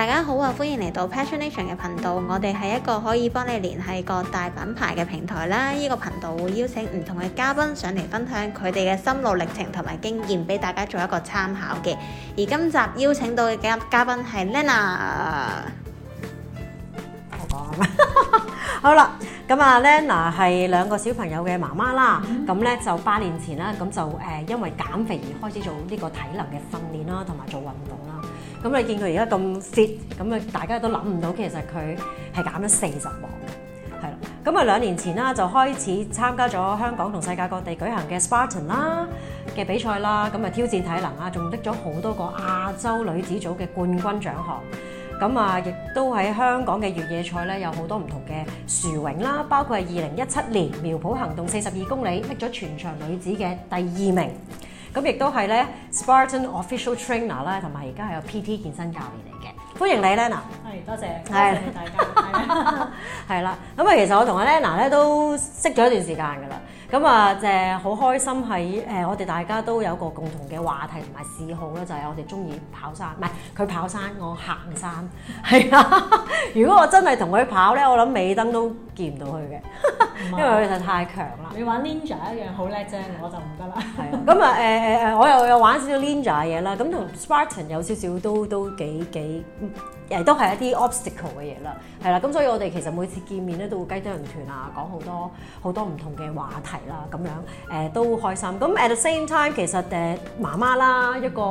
大家好啊！歡迎嚟到 Passionation 嘅頻道，我哋係一個可以幫你聯繫各大品牌嘅平台啦。呢、這個頻道會邀請唔同嘅嘉賓上嚟分享佢哋嘅心路歷程同埋經驗，俾大家做一個參考嘅。而今集邀請到嘅嘉賓係 Lena，我講啊好啦，咁啊 Lena 係兩個小朋友嘅媽媽啦。咁咧、嗯、就八年前啦，咁就誒因為減肥而開始做呢個體能嘅訓練啦，同埋做運動啦。咁你見佢而家咁 fit，咁啊大家都諗唔到，其實佢係減咗四十磅，係啦。咁啊兩年前啦就開始參加咗香港同世界各地舉行嘅 Spartan 啦嘅比賽啦，咁啊挑戰體能啊，仲拎咗好多個亞洲女子組嘅冠軍獎項。咁啊亦都喺香港嘅越野賽咧有好多唔同嘅殊榮啦，包括係二零一七年苗圃行動四十二公里拎咗全場女子嘅第二名。咁亦都係咧，Spartan Official Trainer 啦，同埋而家係有 PT 健身教練嚟嘅，歡迎你，Lena。係，多謝。係，大家。係啦，咁啊，其實我同阿 Lena 咧都識咗一段時間㗎啦。咁啊，誒，好開心喺誒，我哋大家都有個共同嘅話題同埋嗜好咧，就係我哋中意跑山，唔係佢跑山，我行山。係啊，如果我真係同佢跑咧，我諗尾燈都見唔到佢嘅。 因為佢其實太強啦，你玩 Ninja 一樣好叻啫，我就唔得啦。係 啊，咁啊，誒誒誒，我又有玩少少 Ninja 嘅嘢啦，咁同 Spartan 有少少都都幾幾誒，都係一啲 obstacle 嘅嘢啦，係啦。咁所以我哋其實每次見面咧，都會雞啄唔斷啊，講好多好多唔同嘅話題啦，咁樣誒、呃、都開心。咁 at the same time 其實誒媽媽啦，一個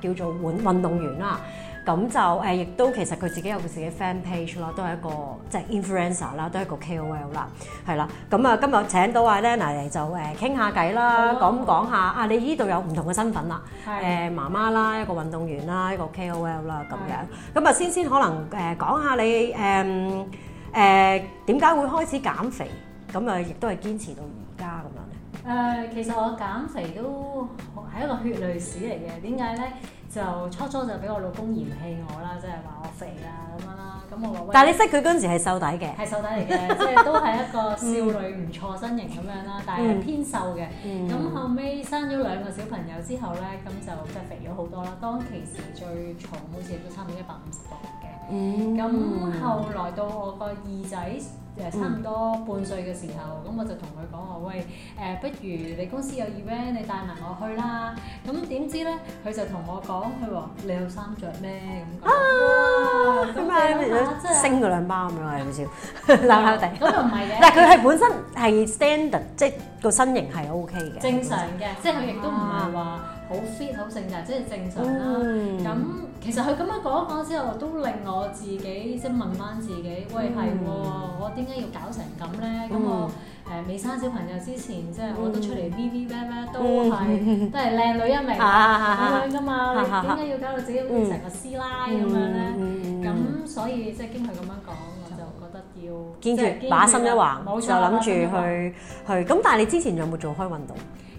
誒叫做運運動員啦。咁就誒，亦、呃、都其實佢自己有佢自己 fan page 咯，都係一個即係 influencer 啦，都係一個 KOL、就是、啦，係啦。咁、呃、啊，今日請到阿 Lena 嚟就誒傾下偈啦，講講下啊，你依度有唔同嘅身份啦、啊，誒的、呃、媽媽啦，一個運動員啦，一個 KOL 啦咁樣。咁啊的，先先可能誒、呃、講下你誒誒點解會開始減肥，咁啊亦都係堅持到而家咁樣咧。誒、呃，其實我減肥都係一個血淚史嚟嘅，點解咧？就初初就俾我老公嫌棄我啦，即係話我肥呀咁樣啦，咁我話，喂但係你識佢嗰陣時係瘦底嘅。係瘦底嚟嘅， 即係都係一個少女唔錯身形咁樣啦， 但係偏瘦嘅。咁 後尾生咗兩個小朋友之後咧，咁就即係肥咗好多啦。當其時最重好似都差唔多一百五十磅嘅。咁後來到我個二仔誒差唔多半歲嘅時候，咁我就同佢講話喂誒，不如你公司有 event，你帶埋我去啦。咁點知咧，佢就同我講，佢話你有衫着咩咁？升咗兩包咁樣係好似，鬧鬧哋。咁唔係嘅，但佢係本身係 standard，即係個身形係 OK 嘅，正常嘅，即佢亦都唔係話好 fit 好性嘅，即係正常啦。咁其實佢咁樣講講之後，都令我自己即係問翻自己，喂，係喎，我點解要搞成咁咧？咁我誒未生小朋友之前，即係我都出嚟 V V 咩咩都係都係靚女一名咁樣噶嘛？你點解要搞到自己變成個師奶咁樣咧？咁所以即係經佢咁樣講，我就覺得要堅決把心一橫，冇錯，就諗住去去。咁但係你之前有冇做開運動？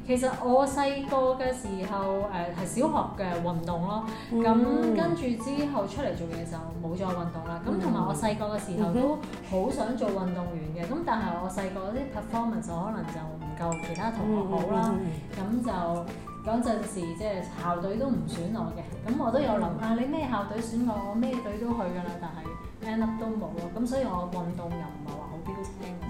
其實我細個嘅時候，誒、呃、係小學嘅運動咯，咁、嗯、跟住之後出嚟做嘢就冇再運動啦。咁同埋我細個嘅時候都好想做運動員嘅，咁但係我細個啲 performance 可能就唔夠其他同學好啦，咁、嗯嗯、就嗰陣時即係校隊都唔選我嘅，咁我都有諗啊。你咩校隊選我，我咩隊都去㗎啦，但係 end up 都冇咯。咁所以我運動又唔係話。嗯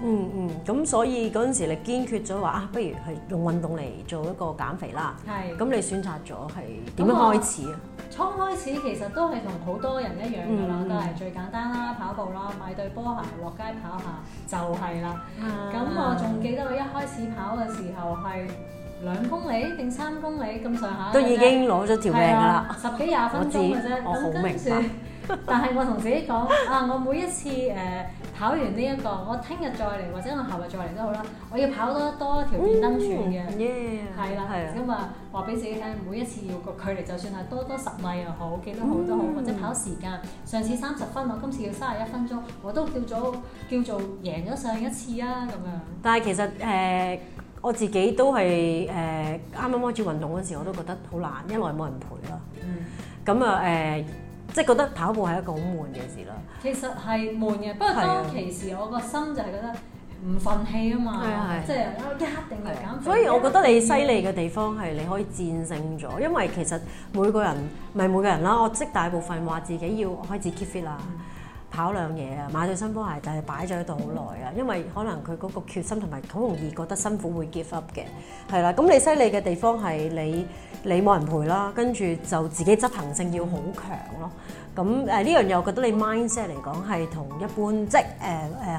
嗯，咁、嗯、所以嗰陣時你堅決咗話啊，不如係用運動嚟做一個減肥啦。係是。咁、嗯、你選擇咗係點樣開始啊？初開始其實都係同好多人一樣噶啦，嗯、都係最簡單啦，跑步啦，買對波鞋落街跑下就係、是、啦。咁、啊、我仲記得我一開始跑嘅時候係兩公里定三公里咁上下。都已經攞咗條命噶啦！啊、十幾廿分鐘嘅啫。可可我好明白。但係我同自己講啊，我每一次誒。 跑完呢、這、一個，我聽日再嚟或者我後日再嚟都好啦，我要跑多多一條電燈船嘅，係啦、嗯，咁啊話俾自己聽，每一次要個距離，就算係多多十米又好，幾多好都好，嗯、或者跑時間，上次三十分，我今次要三十一分鐘，我都叫做叫做贏咗上一次啊咁樣。但係其實誒、呃，我自己都係誒，啱啱開始運動嗰時，我都覺得好難，因為冇人陪啦。嗯，咁啊誒。呃呃即係覺得跑步係一個好悶嘅事啦。其實係悶嘅，不過當其時我個心就係覺得唔忿氣啊嘛，的即係一定係減肥。所以我覺得你犀利嘅地方係你可以戰勝咗，因為其實每個人，唔係每個人啦，我即大部分話自己要開始 keep fit 啦。嗯跑兩嘢啊，買對新波鞋，但係擺咗喺度好耐啊，因為可能佢嗰個決心同埋好容易覺得辛苦會 give up 嘅，係啦。咁你犀利嘅地方係你你冇人陪啦，跟住就自己執行性要好強咯。咁誒呢樣嘢我覺得你 mindset 嚟講係同一般即係誒誒，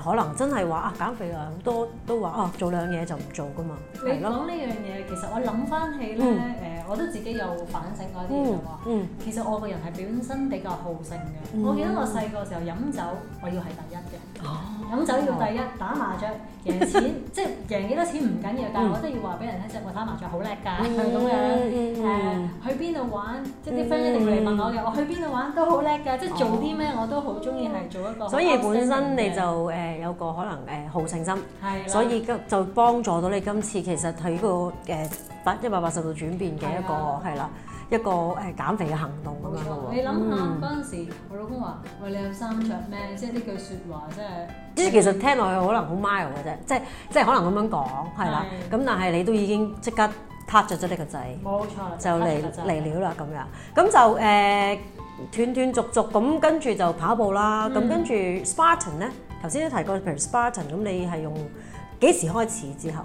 可能真係話啊減肥啊，好多都話哦做兩嘢就唔做噶嘛。你講呢樣嘢，其實我諗翻起咧我都自己有反省嗰啲嘅喎，其實我個人係本身比較好勝嘅。我記得我細個時候飲酒，我要係第一嘅。飲酒要第一，打麻雀贏錢，即係贏幾多錢唔緊要，但係我都要話俾人聽，即係我打麻雀好叻㗎，係咁樣。誒，去邊度玩，即係啲 friend 一定嚟問我嘅。我去邊度玩都好叻㗎，即係做啲咩我都好中意係做一個。所以本身你就誒有個可能誒好勝心，所以就幫助到你今次其實佢個誒百一百八十度轉變嘅。一個係啦，一個誒減肥嘅行動咁樣錯、嗯、你諗下嗰陣時，我老公話：喂，你有衫著咩？即係呢句説話，即係即係其實聽落去可能好 mild 嘅啫，即係即係可能咁樣講係啦。咁的但係你都已經即刻塌着咗呢個仔，冇錯，就嚟嚟料啦咁樣。咁就誒、呃、斷斷續續咁跟住就跑步啦。咁跟住 Spartan 咧，頭先都提過，譬如 Spartan，咁你係用幾時開始之後？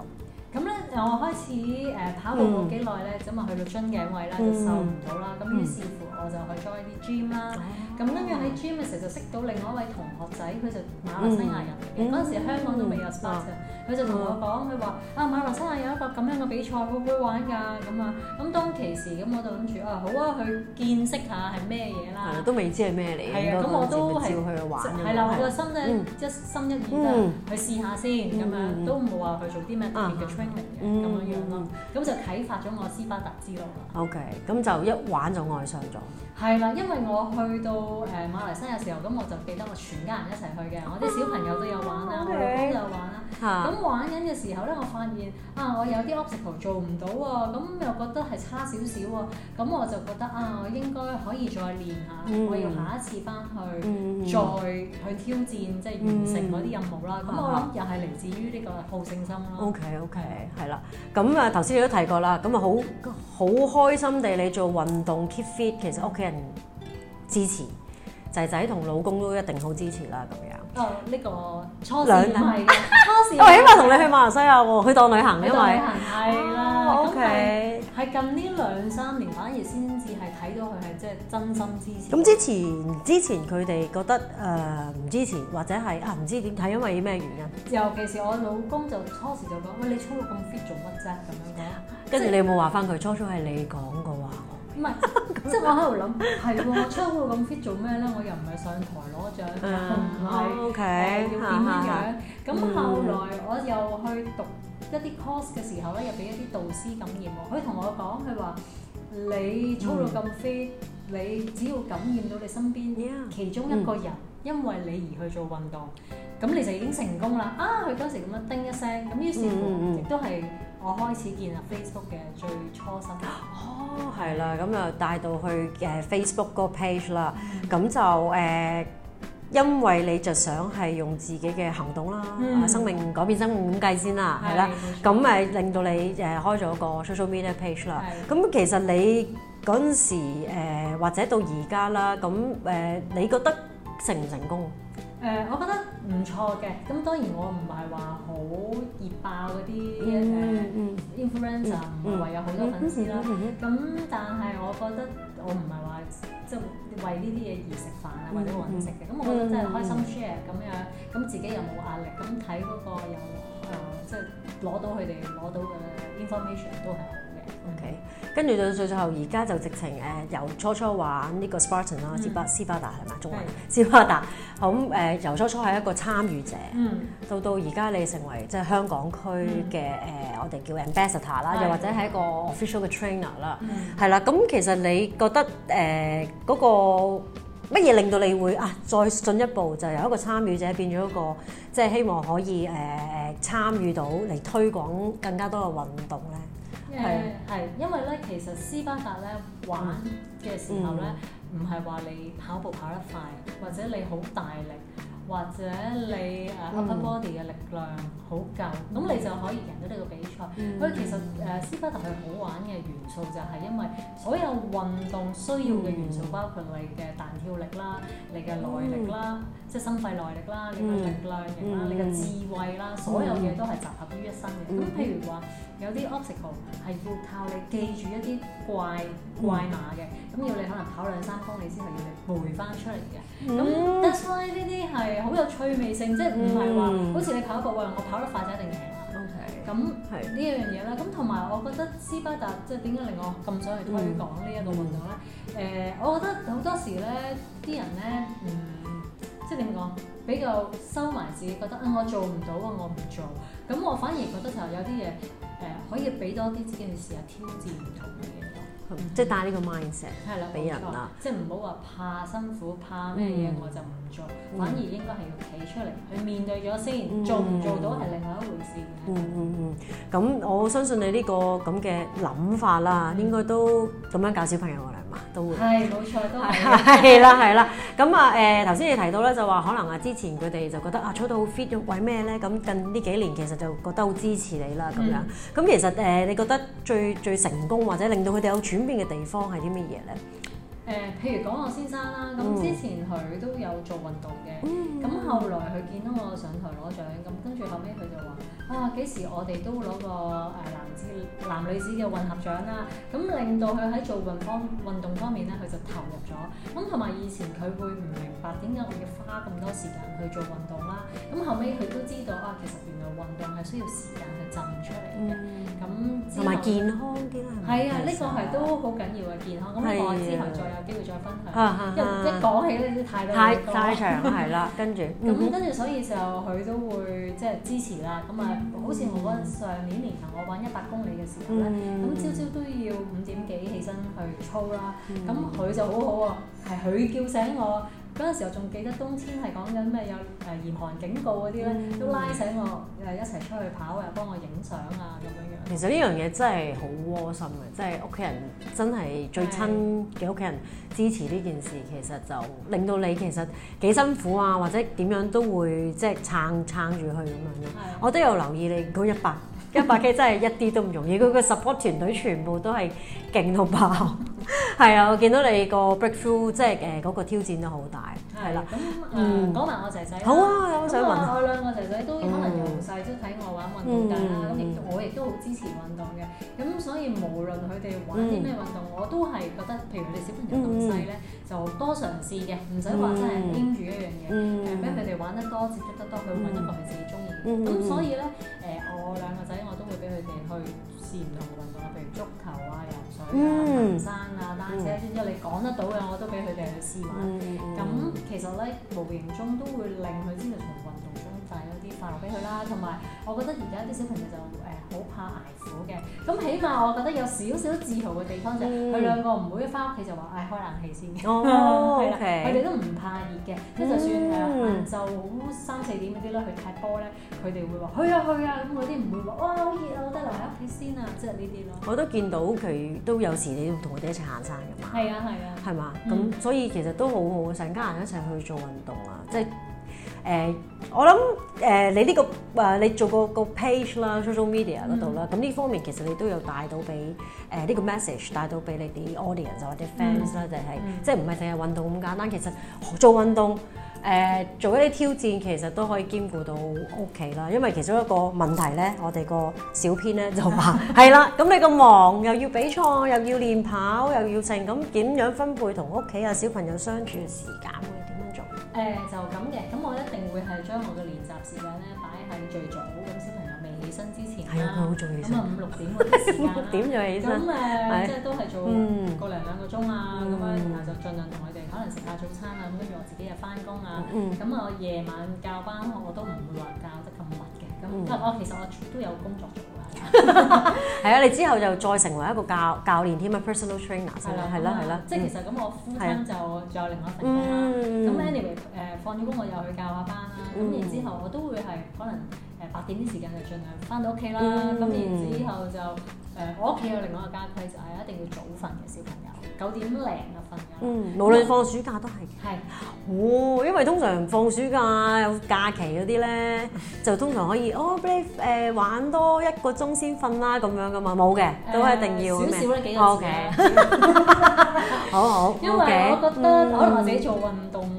咁咧，由我開始誒跑步冇幾耐咧，咁啊去到樽頸位啦，就瘦唔到啦。咁於是乎我就去 join 啲 gym 啦。咁跟住喺 gym 嗰時就識到另外一位同學仔，佢就馬來西亞人嚟嘅。嗰陣時香港都未有 s p o r t s n 佢就同我講，佢話啊馬來西亞有一個咁樣嘅比賽，好唔好玩㗎咁啊。咁當其時咁我就諗住啊好啊，去見識下係咩嘢啦。都未知係咩嚟嘅。係啊，咁我都係去玩嘅。係啦，個心咧一心一意啊，去試下先咁樣，都冇話去做啲咩特別嘅。咁、嗯、樣樣咯，咁就啟發咗我斯巴達之路啦。OK，咁就一玩就愛上咗。係啦，因為我去到誒馬來西亞嘅時候，咁我就記得我全家人一齊去嘅，我啲小朋友都有玩啦，Okay. 我老公都有玩。咁玩緊嘅時候咧，我發現啊，我有啲 obstacle 做唔到喎，咁又覺得係差少少喎，咁我就覺得啊，我應該可以再練下，嗯、我要下一次翻去、嗯、再去挑戰，即、就、係、是、完成嗰啲任務啦。咁我諗又係嚟自於呢個好勝心咯。OK OK，係啦。咁、嗯、啊，頭先你都提過啦，咁啊，好好開心地你做運動 keep fit，其實屋企人支持仔仔同老公都一定好支持啦。呢、這個初時唔係，初時我起碼同你去馬來西亞喎，去當旅行，因為係啦，O K，係近呢兩三年反而先至係睇到佢係即係真心支持。咁之前之前佢哋覺得誒唔、呃、支持，或者係啊唔知點睇，因為咩原因？尤其是我老公就初時就講喂、哎，你操到咁 fit 做乜啫咁樣。跟住、嗯嗯、你有冇話返佢？初初係你講過話。唔係，即係我喺度諗，係喎，我操到咁 fit 做咩咧？我又唔係上台攞獎， 又唔係 Okay,、呃、要點樣樣。咁、 嗯、後來我又去讀一啲 course 嘅時候咧，又俾一啲導師感染。佢同我講，佢話你操到咁 fit，你只要感染到你身邊其中一個人，因為你而去做運動，咁、嗯、你就已經成功啦。啊！佢當時咁樣叮一聲，咁於是乎亦都係。我開始建立 Facebook 嘅最初心態、oh, 的，哦的，係啦，咁啊帶到去誒 Facebook 嗰 page 啦，咁、嗯、就誒、呃、因為你就想係用自己嘅行動啦，嗯、生命改變生命咁計先啦，係啦，咁咪令到你誒開咗個 social media page 啦，咁的其實你嗰陣時、呃、或者到而家啦，咁、呃、誒你覺得成唔成功？誒、呃，我覺得唔錯嘅，咁當然我唔係話。好熱爆嗰啲 influencer，唔係話有好多粉絲啦。咁、mm hmm. 但係我覺得我唔係話即係為呢啲嘢而食飯啊，或者揾食嘅。咁、mm hmm. 我覺得真係開心 share 咁樣，咁自己又冇壓力，咁睇嗰個又啊，即係攞到佢哋攞到嘅 information 都係。OK，跟住到最後，而家就直情誒由初初玩呢個 Spartan 啦、嗯，斯巴斯巴達係咪中文斯的巴達咁誒、嗯呃，由初初係一個參與者，嗯、到到而家你成為即係香港區嘅誒，我哋叫 Ambassador 啦、嗯，又或者係一個 official 嘅 trainer 啦、嗯，係啦。咁其實你覺得誒嗰、呃嗰個乜嘢令到你會啊再進一步，就由一個參與者、者變咗一個即係希望可以誒誒參與到嚟推廣更加多嘅運動咧？因為咧，其實斯巴達咧玩嘅時候咧，唔係話你跑步跑得快，或者你好大力，或者你誒 upper body 嘅力量好夠，咁你就可以贏到呢個比賽。所以其實誒斯巴達係好玩嘅元素，就係因為所有運動需要嘅元素，包括你嘅彈跳力啦，你嘅耐力啦，即係心肺耐力啦，你嘅力量啦，你嘅智慧啦，所有嘢都係集合於一身嘅。咁譬如話。有啲 Obstacle 係要靠你記住一啲怪怪馬嘅，咁、嗯、要你可能跑兩三公里先係要你背翻出嚟嘅。咁、嗯、那 That's why 呢啲係好有趣味性，嗯、即係唔係話好似你跑一步，我跑得快就一定贏啦。OK，咁呢一樣嘢咧。咁同埋我覺得斯巴達即係點解令我咁想去推廣呢一個運動咧？誒，嗯嗯 uh, 我覺得好多時咧啲人咧，嗯，即係點講比較收埋自己，覺得啊、嗯，我做唔到啊，我唔做。咁我，我，我，我，我，我反而覺得就有啲嘢。誒、呃、可以俾多啲自己嘅時間挑戰唔同嘅嘢咯，嗯嗯、即係帶呢個 mindset，係啦，俾人啦，即係唔好話怕辛苦，怕咩嘢我就唔，嗯做反而應該係要企出嚟，去面對咗先，做唔做到係另外一回事嘅。嗯嗯嗯，咁我相信你呢個咁嘅諗法啦，應該都咁樣教小朋友嚟嘛，都會係冇錯，都係係啦係啦。咁啊誒，頭先你提到咧，就話可能啊之前佢哋就覺得啊操得好 fit，為咩咧？咁近呢幾年其實就覺得好支持你啦咁樣。咁其實誒，你覺得最最成功或者令到佢哋有轉變嘅地方係啲乜嘢咧？誒，譬如講我先生啦，咁之前佢都有做運動嘅，咁、嗯、後來佢見到我上台攞獎，咁跟住後尾佢就話：啊，幾時我哋都攞個誒男子、男女子嘅混合獎啦？咁令到佢喺做運動方運動方面咧，佢就投入咗。咁同埋以前佢會唔明白點解我要花咁多時間去做運動啦，咁後尾佢都知道啊，其實原來運動係需要時間去浸出嚟嘅。咁同埋健康啲啦實，係啊，呢個係都好緊要嘅健康。咁我的之後再有機會再分享，一講、啊啊、起呢啲太多太長係啦，跟住咁跟住所以就佢都會即係支持啦。咁啊，好似我嗰上年年頭，我玩一百公里嘅時候咧，咁朝朝都要五點幾起身去操啦。咁佢就好好喎，係佢叫醒我。嗰陣時候仲記得，冬天係講緊咩有誒嚴寒警告嗰啲咧，都拉醒我誒一齊出去跑啊，幫我影相啊咁樣樣。其實呢樣嘢真係好窩心嘅，即係屋企人真係最親嘅屋企人支持呢件事，是的 其實就令到你其實幾辛苦啊，或者點樣都會即係撐撐住去咁樣。是的 我都有留意你高一百。是的 一百 K 真係一啲都唔容易，佢個 support 團隊全部都係勁到爆，係啊！我見到你個 breakthrough 即係誒嗰個挑戰都好大，係啦。咁誒講埋我仔仔，好啊，咁我想問下我兩個仔仔都可能由細都睇我玩運動啦，咁亦我亦都好支持運動嘅。咁所以無論佢哋玩啲咩運動，我都係覺得，譬如佢哋小朋友咁細咧，就多嘗試嘅，唔使話真係堅住一樣嘢，係俾佢哋玩得多，接觸得多，佢會揾一個佢自己中意嘅。咁所以咧誒，我兩個。去試唔同嘅運動啊，譬如足球啊、游水啊、登、mm. 山啊、單車，總之、mm. 你講得到嘅，我都俾佢哋去試玩。咁、mm. 其實咧，無形中都會令佢先嚟做運帶嗰啲快樂俾佢啦，同埋我覺得而家啲小朋友就誒好怕挨苦嘅。咁起碼我覺得有少少自豪嘅地方就係、是、佢兩個唔會一返屋企就話，唉、哎、開冷氣先嘅。哦 ，OK。佢哋都唔怕熱嘅，即係就算係晏晝三四點嗰啲咧，去踢波咧，佢哋會話去啊去啊咁嗰啲，唔會話哇好熱啊，我得留喺屋企先、就是嗯、啊，即係呢啲咯。我都見到佢都有時你同佢哋一齊行山㗎嘛。係啊係啊。係嘛、啊？咁、嗯、所以其實都好好成家人一齊去做運動啊，即、就、係、是。誒，我諗誒，你呢個誒，你做個個 page 啦，social media 嗰度啦，咁呢方面其實你都有帶到俾誒呢個 message，帶到俾你啲 audience 或者 fans 啦，定係即係唔係淨係運動咁簡單，其實做運動誒，做一啲挑戰其實都可以兼顧到屋企啦，因為其中一個問題咧，我哋個小編咧就話係啦，咁你咁忙又要比賽，又要練跑，又要剩，咁點樣分配同屋企啊小朋友相處嘅時間？誒、嗯、就咁嘅，咁我一定會係將我嘅練習時間咧擺喺最早，咁、嗯、小朋友未起身之前好啦，咁啊五六點開始啦，五六點就 5, 起身，咁誒那、嗯、即係都係做個零兩個鐘啊，咁、嗯、樣然後就盡量同佢哋可能食下早餐啊，咁跟住我自己又返工啊，咁啊夜晚教班我都唔會話教得咁晚。就是咁我、嗯、其實我都有工作做㗎，係啊，你之後就再成為一個教教練添啊，personal trainer 係啦，係啦，係啦，即係其實咁我夫親就仲有另外一份工啦，咁 anyway 誒放咗工我又去教下班啦，咁、嗯、然之後我都會係可能。誒八點啲時間就儘量返到屋企啦，咁然之後就誒我屋企有另外一個家規就係一定要早瞓嘅小朋友，九點零就瞓。嗯，無論放暑假都係。係。哦，因為通常放暑假有假期嗰啲咧，就通常可以我俾你誒玩多一個鐘先瞓啦咁樣噶嘛。冇嘅，都係一定要。少少咧，幾個小時。O K。好好。因為我覺得可能我自己做運動，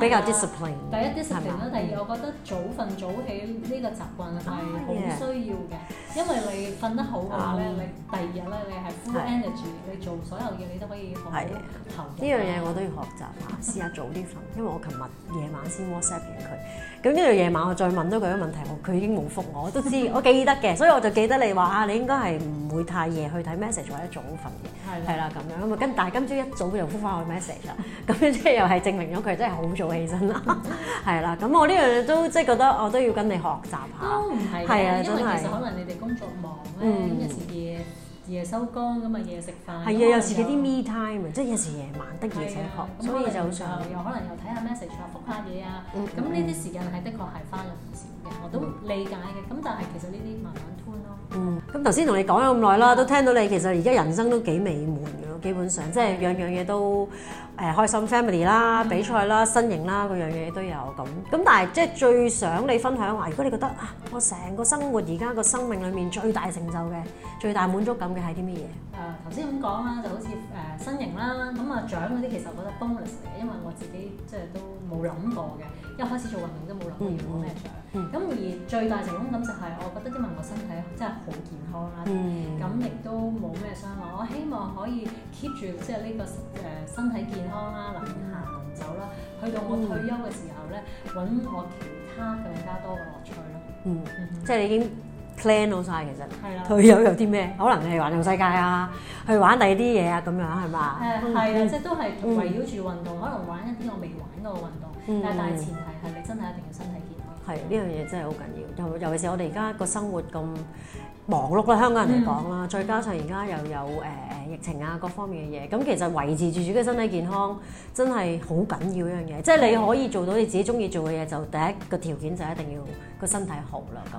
比較 discipline。第一 discipline 啦，第二我覺得早瞓早起呢個習慣係好需要嘅，因為你瞓得好嘅話咧，你第二日咧你係 full energy，你做所有嘢你都可以好好投入。呢樣嘢我都要學習下，試下早啲瞓。因為我琴日夜晚先 WhatsApp 完佢，咁呢度夜晚我再問咗佢個問題，我佢已經冇覆我，我都知我記得嘅，所以我就記得你話啊，你應該係唔會太夜去睇 message 或者早瞓嘅，係啦咁樣啊嘛。咁但係今朝一早又覆返我 message 啦，咁樣即係又係證明咗佢真係。好做起身啦，係啦，咁我呢樣嘢都即係覺得我都要跟你學習下，都唔係，係啊，因為其實可能你哋工作忙啊，咁有時夜夜收工咁啊，夜食飯，係啊，有時嗰啲 me time 即係有時夜晚得嘢請學，所以就好又可能又睇下 message，復下嘢啊，咁呢啲時間係的確係花咗唔少嘅，我都理解嘅，咁但係其實呢啲慢慢推咯。嗯，咁頭先同你講咗咁耐啦，都聽到你其實而家人生都幾美滿。基本上即係樣樣嘢都誒、呃、開心，family 啦、mm、hmm. 比賽啦、身形啦，樣樣嘢都有咁。咁但係即係最想你分享話，如果你覺得啊，我成個生活而家個生命裡面最大成就嘅、最大滿足感嘅係啲咩嘢？誒，頭先咁講啦，就好似誒、呃、身形啦，咁啊獎嗰啲其實我覺得 bonus 嚟嘅，因為我自己即係都冇諗過嘅。一開始做運動都冇諗過要攞咩獎，咁而最大成功感就係，我覺得因為我身體真係好健康啦，咁亦都冇咩傷害。我希望可以 keep 住即係呢個誒身體健康啦，能行能走啦，去到我退休嘅時候咧，揾我其他更加多嘅樂趣咯。嗯，即係你已經 plan 好晒，其實退休有啲咩？可能係環遊世界啊，去玩第二啲嘢啊，咁樣係嘛？誒係啊，即係都係圍繞住運動，可能玩一啲我未玩過嘅運動。但係大前提係你真係一定要身體健康，係呢樣嘢真係好緊要。尤尤其是我哋而家個生活咁忙碌啦，香港、嗯、人嚟講啦，嗯、再加上而家又有誒、呃、疫情啊，各方面嘅嘢，咁其實維持住自己嘅身體健康真係好緊要一樣嘢。即係、嗯、你可以做到你自己鍾意做嘅嘢，就第一個條件就一定要個身體好啦咁。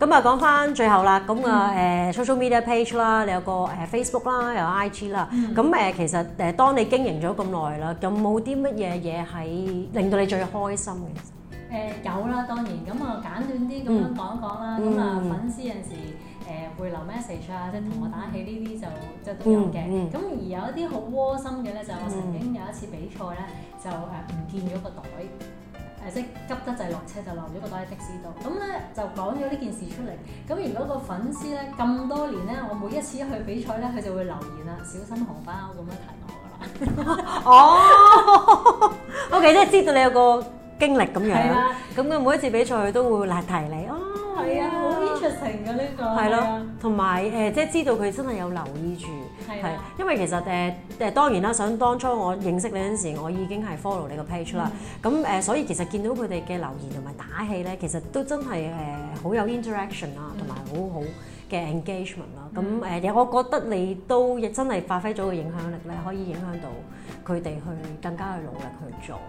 咁啊，講翻最後啦，咁、嗯、啊，誒 social media page 啦，你有個誒 Facebook 啦、嗯，有 IG 啦，咁誒其實誒當你經營咗咁耐啦，咁冇啲乜嘢嘢係令到你最開心嘅？誒、嗯嗯嗯呃、有啦，當然，咁啊簡短啲咁樣講一講啦，咁、呃嗯嗯嗯、啊粉絲有時誒會留 message 啊，呃、age, 即係同我打氣呢啲就即係都有嘅，咁、嗯嗯、而有一啲好窩心嘅咧，就曾經有一次比賽咧，就係唔見咗個袋。誒即係急得滯落車就漏咗個袋喺的士度，咁咧就講咗呢件事出嚟。咁而嗰個粉絲咧，咁多年咧，我每一次去比賽咧，佢就會留言啦：小心紅包咁樣提我噶啦。哦，OK，即係知道你有個經歷咁樣，咁佢每一次比賽佢都會嚟提你哦。係啊，好 interesting 嘅呢個係咯，同埋誒即係知道佢真係有留意住係、啊，因為其實誒誒、呃、當然啦，想當初我認識你嗰陣時，我已經係 follow 你個 page 啦。咁誒、嗯呃，所以其實見到佢哋嘅留言同埋打氣咧，其實都真係誒、呃、好有 interaction 啊、嗯，同埋好好嘅 engagement 啦。咁、呃、誒，我覺得你都亦真係發揮咗個影響力咧，可以影響到。佢哋去更加去努力去做，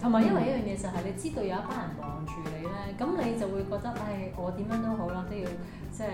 同埋、嗯、因為一樣嘢就係你知道有一班人望住你咧，咁、嗯、你就會覺得唉，我點樣都好啦，都要即係。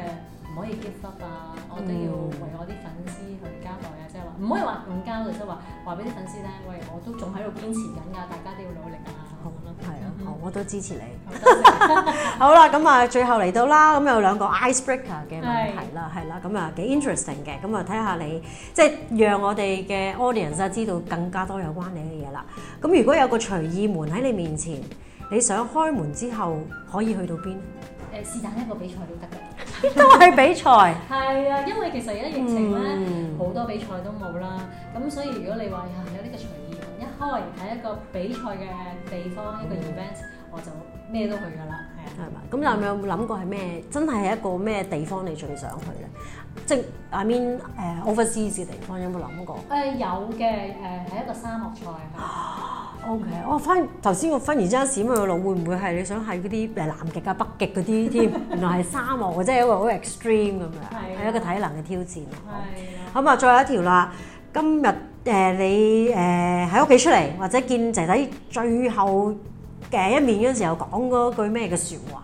唔可以 give up 啊！我都要為我啲粉絲去交代啊！嗯、即係話唔可以話唔交代，即係話話俾啲粉絲聽，喂，我都仲喺度堅持緊㗎，啊，大家都要努力啊！好啦，係啦，我我都支持你。 好啦，咁啊，最後嚟到啦，咁有兩個 ice breaker 嘅問題啦，係啦。是，咁啊幾 interesting 嘅，咁啊睇下你即係讓我哋嘅 audience 知道更加多有關你嘅嘢啦。咁如果有一個隨意門喺你面前，你想開門之後可以去到邊？誒是但一個比賽都得嘅，都係比賽。係啊，因為其實而家疫情咧，好多比賽都冇啦。咁所以如果你話有有呢個隨意門一開，喺一個比賽嘅地方一個 event，我就咩都去噶啦。係啊。係嘛？咁你有冇諗過係咩？真係係一個咩地方你最想去咧？即係 I mean 誒 overseas 嘅地方有冇諗過？誒有嘅，誒係一個沙漠賽啊。O、okay. K，oh, 我翻頭先，我忽然之間閃去個腦，會唔會係你想喺嗰啲誒南極啊、北極嗰啲添？原來係沙漠，即係一個好 extreme 咁樣， 係一個體能嘅挑戰。咁啊， 最後一條啦，今日誒、呃、你誒喺屋企出嚟，或者見仔仔最後嘅一面嗰陣時候，講嗰句咩嘅説話？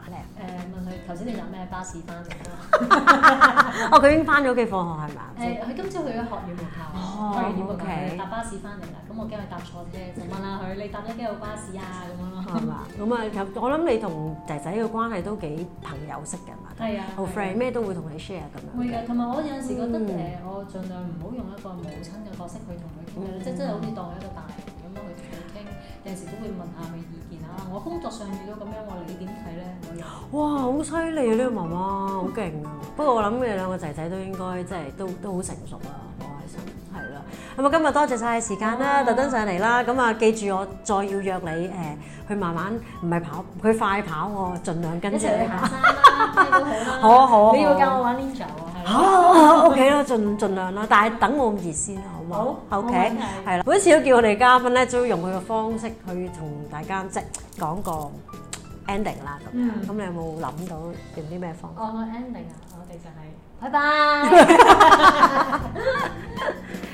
頭先你搭咩巴士翻嚟啊？哦，佢已經翻咗去放學係咪啊？佢、欸、今朝去咗學院學校，學業學校搭、oh, okay. 巴士翻嚟啦。咁我驚佢搭錯車，就問下佢： 你搭咗幾號巴士啊？咁樣咯。係嘛？咁啊，我諗你同仔仔嘅關係都幾朋友式嘅嘛？係 啊，好 friend，咩都會同你 share 咁樣。會㗎，同埋我有陣時覺得誒、mm hmm.，我盡量唔好用一個母親嘅角色去同佢傾，mm hmm. 即係真係好似當佢一個大人咁樣。有時都會問下佢意見啊。我工作上遇到咁樣，我你點睇咧？我哇，好犀利啊呢、呢個媽媽，好勁啊！不過我諗你兩個仔仔都應該即係都都好成熟啊。好開心，係啦了。咁啊，今日多謝晒時間啦，哇特登上嚟啦。咁啊，記住我再要約你誒、呃，去慢慢唔係跑，佢快跑喎，儘量跟住。一齊行山好啊 好啊！你要教我玩 l i n z o 啊！好 OK 啦，盡盡量啦，但係等我咁熱先啦，好唔好？好，OK，係啦。每一次都叫我哋嘉賓咧，都要用佢嘅方式去同大家即講個 ending 啦。咁咁，你有冇諗到用啲咩方式？哦，ending 啊，我哋就係拜拜。